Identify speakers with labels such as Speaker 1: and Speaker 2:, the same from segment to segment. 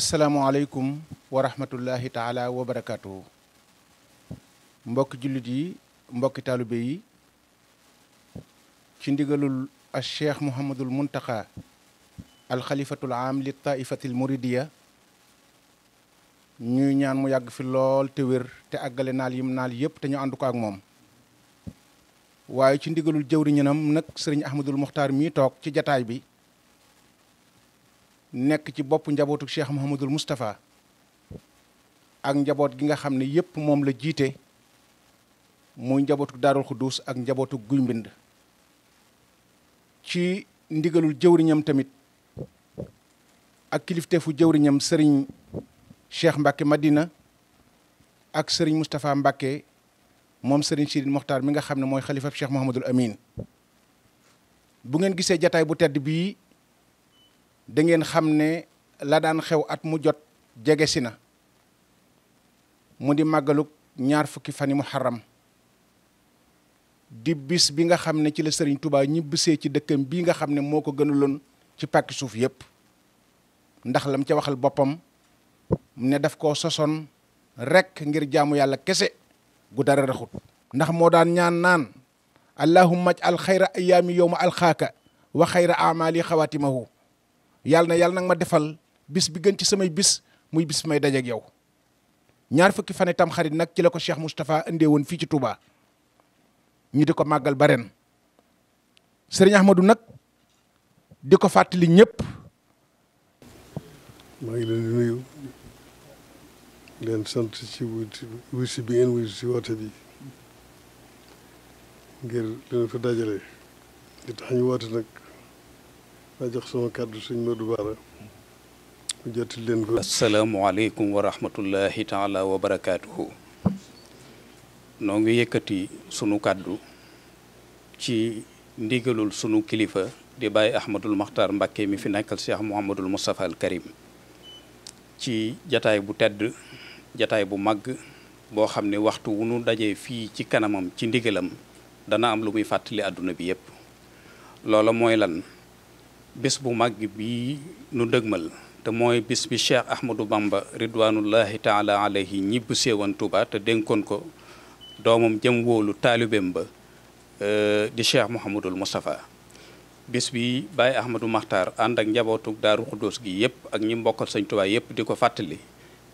Speaker 1: asalaamualeykum wa rahmatullahi taala wa mbokki jullit yi mbokki taalibe yi ci ndigalul al cheikh mouhamadul muntaqa al xalifatul aam li taifatil muridiya ñuy ñaan mu yàgg fi lool te wér te àggale naal yim naal yépp te ñu ànd ko ak moom waaye ci ndigalul jëwriñanam nag sëriñ ahmadul muxtaar mii toog ci jataay bi nekk ci bopp njabootu Cheikh Mouhamadul Moustapha ak njaboot gi nga xam ne yépp moom la jiite muy njabootu Daarul Xuduus ak njabootu Guy Mbind ci ndigalul jëwriñam tamit ak kilifteefu jëwriñam sëriñ Cheikh Mbacke Madina ak sëriñ Moustapha Mbacke moom sëriñ Sidi Mokhtar mi nga xam ne mooy xalifa Cheikh Mouhamadul Amin bu ngeen gisee jataay bu tedd bii dangeen xam ne la daan xew at mu jot jege si na mu di màggalug ñaar fukki fan fani muharram di bis bi nga xam ne ci la Serigne tubaa ñibbisee ci dëkkam bii nga xam ne moo ko gënaloon ci pàkki suuf yépp ndax lam ca waxal boppam ne def koo sosoon rekk ngir jaamu yàlla kese gu dara raxut ndax moo daan ñaan naan allahumma aj al xayra ayaami yowma alxaaka wa xayra amali xawatimahu yàlla na yàlla nag ma defal bis bi gën ci samay bis muy bis may dajeeg yow ñaar fukki fan itam xarit nag ci la ko Cheikh Moustapha indee woon fii ci Touba ñu di ko màggal ba ren sëriñ Ahmadou nag di ko fàttali ñëpp.
Speaker 2: maa leen di nuyu leen sant ci bi ngeen wuusi si woote bi ngir leen fa dajale li tax ñu woote nag. ma jox sama kàddu sëñ Modou Bara wa rahmatullahi noo ngi yëkkati sunu kàddu ci ndigalul sunu kilifa di bàyyi ahmadul maxtar Mbàkke mi fi nekkal cheikh mouhamadul moustapha al karim ci jataay bu tedd jataay bu magg boo xam ne waxtu wu nu dajee fii ci kanamam ci ndigalam dana am lu muy fàttali àdduna bi yépp loola mooy lan bis bu mag bii nu dëgmal te mooy bis bi Cheikh Ahmadou Bamba ridwanullahi taala alayhi ñibb séewan tubaa te dénkoon ko doomam jëm wóolu taalibeem ba euh, di Cheikh Mouhamadul Moustapha bis bi Baye Ahmadou Makhtar ànd ak njabootu Daaru Xuddoos gi yëpp ak ñi mbokkal Sëñ Touba yëpp di ko fàttali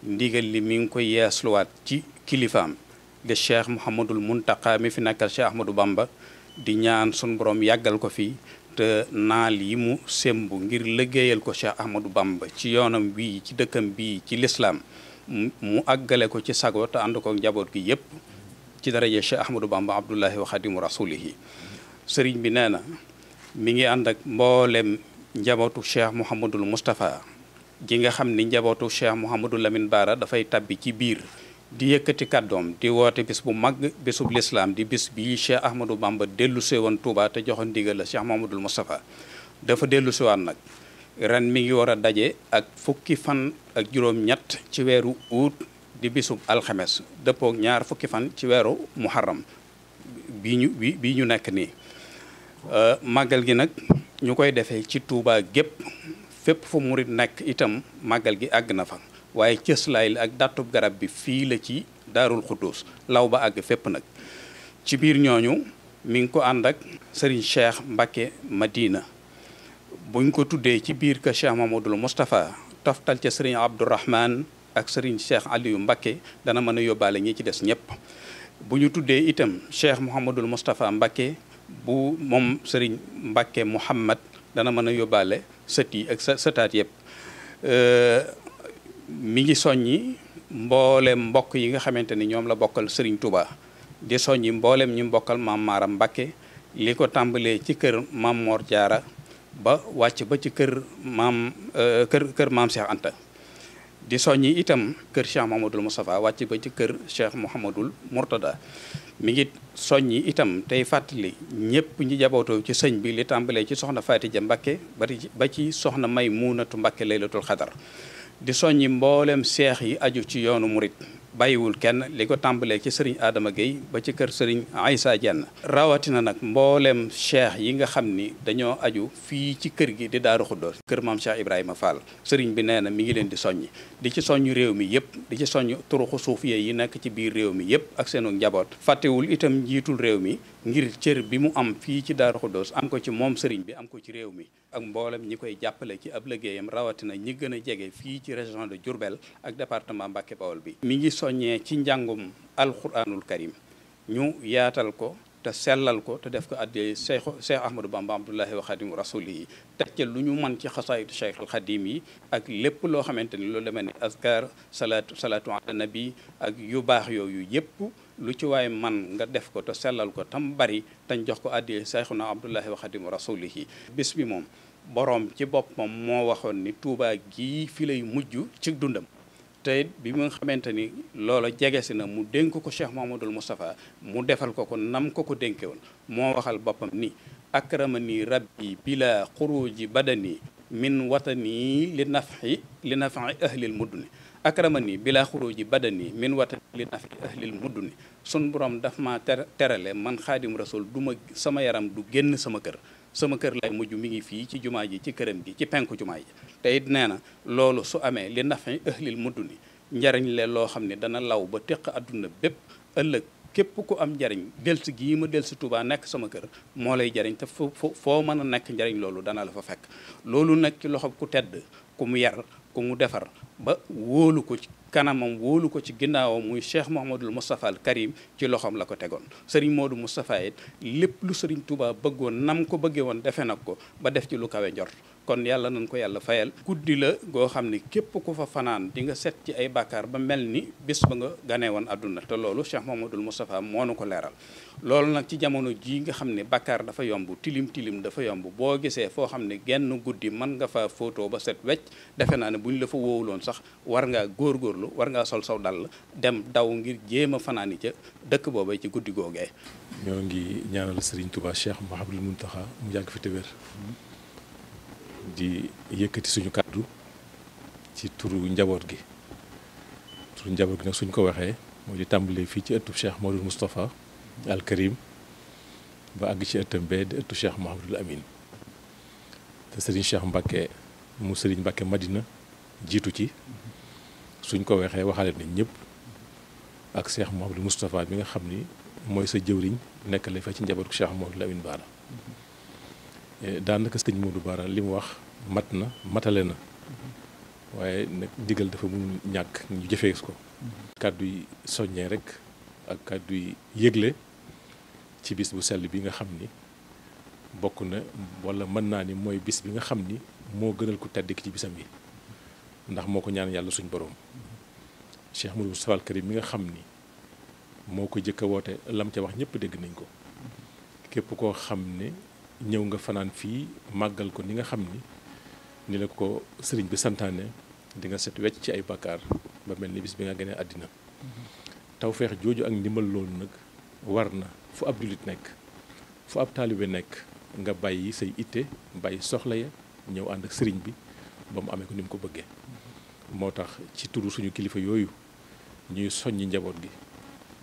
Speaker 2: ndigal li mi ngi koy yeesluwaat ci kilifaam di Cheikh Mouhamadul Muntaqa mi fi nakkal Cheikh Ahmadou Bamba di ñaan sun borom yàggal ko fii Euh, naal yi mu semb ngir liggéeyal ko Cheikh Ahmadou Bamba ci yoonam wii ci dëkkam bii ci lislaam mu àggale ko ci sago te ànd njaboot gi yépp ci daraja Cheikh Ahmadou Bamba Abdullahi wa Rasulihi sëriñ bi nee na mi ngi ànd ak mboolem njabootu Cheikh Mouhamadul Moustapha ji nga xam ni njabootu Cheikh Mouhamadul Lamine Baara dafay tabbi ci biir di yëkkati kàddoom di woote bis bu mag bisub lislaam di bis bii Cheikh Ahmadou Bamba dellu sewoon Touba te joxoon ndigal la Cheikh Mamadou Moustapha dafa dellu waan nag ren mi ngi war a daje ak fukki fan ak juróom-ñett ci weeru août di bisub alxames dëppook ñaar fukki fan ci weeru muharram bii ñu bi ñu nekk nii euh, màggal gi nag ñu koy defee ci Touba gépp fépp fu murit nekk itam màggal gi àgg na fa waaye cëslaay la ak dàttub garab bi fii la ci daarul xudduus law ba àgg fépp nag ci biir ñooñu mi ngi ko ànd ak sëriñ cheikh Mbacke Madina buñ ko tuddee ci biir ka cheikh Mamadul Moustapha toftal ca sëriñ Abdourahman ak sëriñ cheikh Aliou Mbacke dana mën a yóbbaale ñi ci des ñëpp bu ñu tuddee itam cheikh Mouhamadul Moustapha Mbacke bu moom sëriñ Mbacke Mouhamad dana mën a yóbbaale sët ak sa sëtaat yëpp. Euh, mi ngi soññi mboolem mbokk yi nga xamante ni ñoom la bokkal sëriñ Touba di soññi mbooleem ñu mbokkal maam Maaram Mbakke li ko tàmbalee ci kër maam Mor Diarra ba wàcc ba ci kër maam euh, kër kër maam Cheikh di soññi itam kër Cheikh Mouhamadul Moustapha wàcc ba ci kër Cheikh Mouhamadul Mourtada mi ngi soññi itam tey fàttali ñëpp ñi jabootoo ci sëñ bi li tàmbalee ci soxna Faatija Mbakke ba ci soxna May Muunatu Mbakke laylatul xadar di soññi mboolem seex yi aju ci yoonu murit bàyyiwul kenn li ko tàmbalee ci sëriñ aadama géey ba ci kër sëriñ Aïssa Dieng rawatina nag mbooleem cheikh yi nga xam ni dañoo aju fii ci kër gi di Daaru Xuddoos kër maam Cheikh Ibrahima Fall sëriñ bi nee na mi ngi leen di soññ di ci soññ réew mi yëpp di ci soññ turuxu suufiyee yi nekk ci biir réew mi yëpp ak seenu njaboot fàttewul itam njiitul réew mi ngir cër bi mu am fii ci Daaru Xuddoos am ko ci moom sëriñ bi am ko ci réew mi ak mboolem ñi koy jàppale ci ab liggéeyam rawatina ñi gën a jege fii ci région de Diourbel ak département Mbacké bi soññee ci njàngum alquranul karim ñu yaatal ko te sellal ko te def ko addee cheikh cheikh ahmadou bamba abdullahi wa xadimu rasuli yi teg ca lu ñu mën ci xasaayitu cheikh al xadim yi ak lépp loo xamante ni loolu deme ne azkar salaatu salaatu ala nabi ak yu baax yooyu yépp lu ci waay man nga def ko te sellal ko tam bari tañ jox ko addee cheikhuna abdullahi wa xadimu rasuli yi bis bi moom boroom ci boppam moo waxoon ni tuubaa gii fi lay mujj ci dundam tey bi nga xamante ni loola jege si na mu dénk ko Cheikh Mouhamadul Moustapha mu defal ko ko nam ko ko dénke woon moo waxal boppam ni akramani rabbi bila xuruji badani min watani li nafi li nafi ahlil mudduni akramani bila xuruji badani min watani li nafi ahlil mudduni sun borom daf ma terale man xaadim rasul du ma sama yaram du génn sama kër sama kër lay mujj mi ngi fii ci jumaa ji ci këram gi ci penku jumaa ji te nee na loolu su amee li ndax fi ëhlil mudd ni njariñ le loo xam ne dana law ba teq àdduna bépp ëllëg képp ko am njariñ delsi gii ma delsi Touba nekk sama kër moo lay jariñ te fo foo mën a nekk njariñ loolu dana la fa fekk loolu nag ci loxob ku tedd ku mu yar ku mu defar ba wóolu ko ci kanamam wóolu ko ci ginnaawam muy Cheikh Mouhamadul Moustapha Karim ci loxoom la ko tegoon sëriñ moodu Moustapha lépp lu sëriñ Touba bëggoon nam ko bëggee woon defe nag ko ba def ci lu kawe njort kon yàlla nañ ko yàlla fayal guddi la goo xam ne képp ku fa fanaan di nga set ci ay bàkkaar ba mel ni bés ba nga ganee woon àdduna te loolu Cheikh Mamadou Moustapha moo nu ko leeral loolu nag ci jamono ji nga xam ne bàkkaar dafa yomb tilim tilim dafa yomb boo gisee foo xam ne genn guddi mën nga fa photo ba set wecc defe naa ne bu ñu la fa wóowuloon sax war ngaa góorgóorlu war ngaa sol saw la dem daw ngir jéem a fanaan yi ca dëkk booba ci guddi googee
Speaker 3: ñoo ngi ñaanal Serigne Touba Cheikh Mouhamadoul di yëkkati suñu kàddu ci turu njaboot gi turu njaboot gi nag suñ ko waxee moo di tàmbalee fii ci ëttu Cheikh Modou Moustapha Al ba àgg ci ëttam bee di ëttu Cheikh Mouhamadul Amin te sëriñ Cheikh Mbacke mu sëriñ Mbacke Madina jiitu ci suñ ko waxee waxaale nañ ñëpp ak Cheikh Mouhamadul Moustapha bi nga xam ni mooy sa jëwriñ nekk la fa ci njabootu Cheikh Mouhamadul Amin Baara. Eh, daanaka sëñ du Bara li mu wax mat na matale na waaye nag ndigal dafa mënul ñàkk ñu jëfee ko. kàddu yi soññee rek ak kàddu yi yëgle ci bis bu sell bi nga xam ni bokk na walla mën naa ni mooy bis bi nga xam ni moo gënal ku tedd ci bisam yi ndax moo ko ñaan yàlla suñ boroom Cheikh Modou Moustapha mi nga xam ni moo ko jëkk woote lam ca wax ñëpp dégg nañ ko képp koo xam ne. ñëw nga fanaan fii màggal ko ni nga xam ni ni la ko sëriñ bi santaane di nga set wecc ci ay bakkaar ba mel ni bis bi nga gënee àddina tawfeex jooju ak ndimbal loolu nag war na fu ab jullit nekk fu ab taalibe nekk nga bàyyi say itte bàyyi soxla ya ñëw ànd ak sëriñ bi ba mu amee ko ni mu ko bëggee moo tax ci turu suñu kilifa yooyu ñuy soññ njaboot gi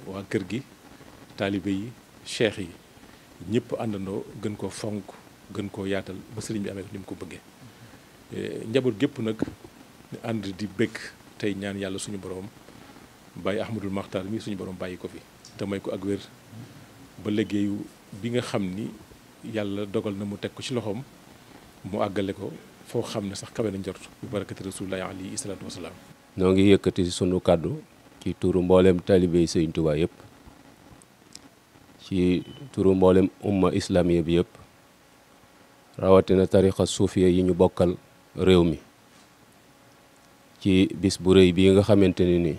Speaker 3: waa kër gi taalibe yi cheikh yi ñëpp àndandoo gën koo fonk gën koo yaatal ba sëriñ bi amee ni mu ko bëggee e, njaboot gépp nag ànd di bëgg tey ñaan yàlla suñu borom bàyyi Ahmadul Maxtaar mi suñu borom bàyyi ko fi te may ko ak wér ba liggéeyu bi nga xam ni yàlla dogal na mu teg ko ci loxoom mu àggale ko foo xam ne sax kawe na njort bi barakati rasulullahi alayhi salaatu wasalaam
Speaker 4: noo ngi yëkkati sunu kàddu ci tuuru mbooleem taalibey Sëriñ Tuubaa yëpp ci turu mboolem umma islamiya bi yëpp rawatina tarixa suufiya yi ñu bokkal réew mi ci bis bu rëy bii nga xamante ne ni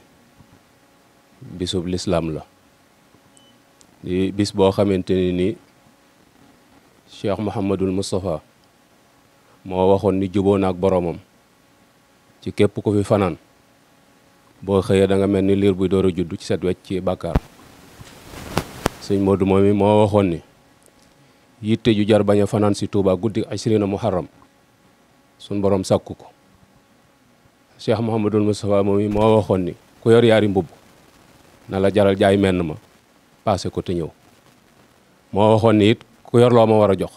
Speaker 4: bisub lislaam la di bis boo xamante ne ni cheikh Mouhamadul Moustapha moo waxoon ni juboo na ak boroomam ci képp ko fi fanaan boo xëyee da nga mel ni liir buy door a judd ci set wecc ci bàkkaar sëñ Modou moom mi moo waxoon ni yitte ju jar bañ a fanaan si Touba guddi mu muharram suñ borom sakku ko Cheikh Mouhamadul Moustapha moom mi moo waxoon ni ku yor yaari mbubb na la jaral jaay menn ma paase ko te ñëw moo waxoon ni it ku yor ma war a jox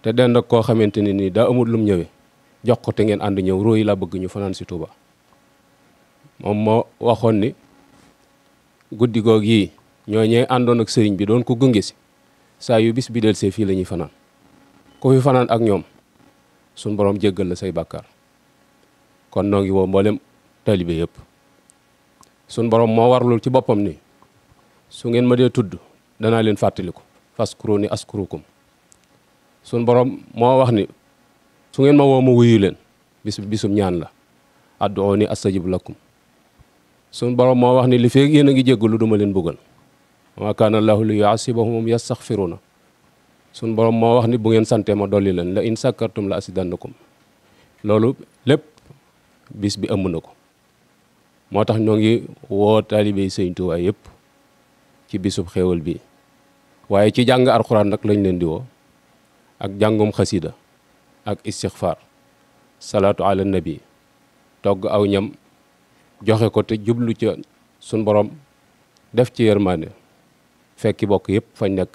Speaker 4: te dend koo xamante ni nii daa amul lum ñëwee jox ko te ngeen ànd ñëw róoyi la bëgg ñu fanaan si Touba moom moo waxoon ni guddi goog yii ñoo ñee àndoon ak sëriñ bi doon ko gunge si saa yu bis bi delsee fii la ñuy fanaan ku fi fanaan ak ñoom suñ borom jéggal la say bàkkaar kon noo ngi woo mboolem taalibe yëpp suñ borom moo warlul ci boppam ni su ngeen ma dee tudd danaa leen fàttaliku faskuru ni askurukum sun borom moo wax ni su ngeen ma woo ma wuyu leen bis bisum ñaan la addu oo ni as astajib lakum sun borom moo wax ni li feeg yéen a ngi jéggalu duma leen bëggal wa maa kaana llaahu li yu'azzibahum hum na suñ borom moo wax ni bu ngeen sante ma dolli leen la in sakkartum la azidannakum loolu lépp bis bi ëmb na ko moo tax ñoo ngi woo taalibey Sëñ Tuubaa yëpp ci bisub xéewal bi waaye ci jàng alxuraan nag lañ leen di woo ak jàngum xasida ak istixfaar salaatu ala nabi togg aw ñam joxe ko te jublu ca sun boroom def ci yërmaande fekki bokk yëpp fañ nekk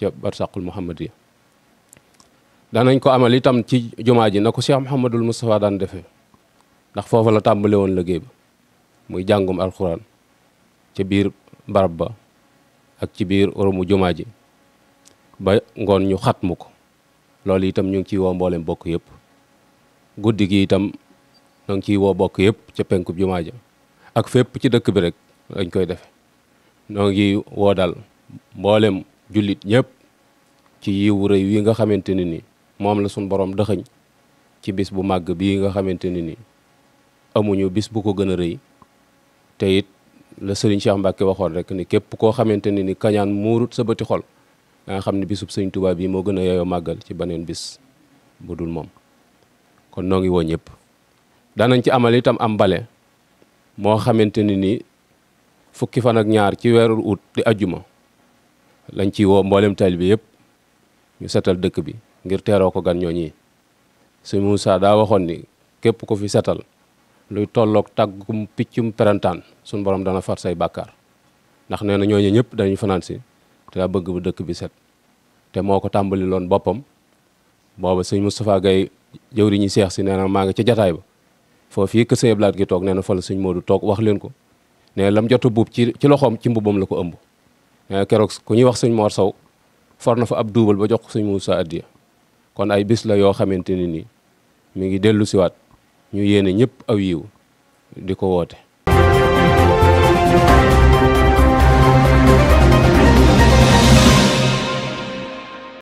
Speaker 4: ca barsaqul muhammadiya danañ ko amal itam ci jumaa ji na ko Cheikh Mouhamadul Moustapha daan defe ndax foofa la tàmbale woon liggéey ba muy jàngum alxuraan ca biir barab ba ak ci biir oromu jumaa ji ba ngoon ñu xat mu ko loolu itam ñu ngi ciy woo mboolem bokk yëpp guddi gi itam ñu ngi ciy woo bokk yëpp ca penku jumaa ja ak fépp ci dëkk bi rek lañ koy defe ñoo ngi woo daal mboolem jullit ñëpp ci yiwu rëy wii nga xamante ne ni moom la suñ boroom dëxëñ ci bis bu màgg bii nga xamante ne ni amuñu bis bu ko gën a rëy te it la sëriñ Cheikh Mbacke waxoon rek ni képp koo xamante ni ni kañaan muurut sa bëti xol nga xam ne bisu sëriñ Tuubaa bii moo gën a yeyoo màggal ci beneen bis bu dul moom kon noo ngi woo ñëpp danañ ci amal itam am bale moo xamante ni nii fukki fan ak ñaar ci weeru ut di ajjuma lañ ci woo mboolem taalibe yëpp ñu setal dëkk bi ngir teeroo ko gan ñooñi sëñ Moussa daa waxoon ni képp ko fi setal luy tolloog tàggum piccum perantaan suñ borom dana far say bàkkaar ndax nee na ñooñu ñëpp dañu fanaan si te daa bëgg bu dëkk bi set te moo ko tàmbali loon boppam booba sëñ Moustapha Gaye jëwriñu seex si nee na maa ngi ca jataay ba foofu yi kër sëñ Ablaat gi toog nee na fa la sëñ Modou toog wax leen ko ne lam jot a buub ci ci loxoom ci mbubam la ko ëmb Eh, keroog ku ñuy wax sëñ Mor saw for na fa ab duubal ba jox ko sëñ Moussa addiya kon ay bis la yoo xamante ne nii mu ngi dellu siwaat ñu yéene ñëpp aw yiw di ko woote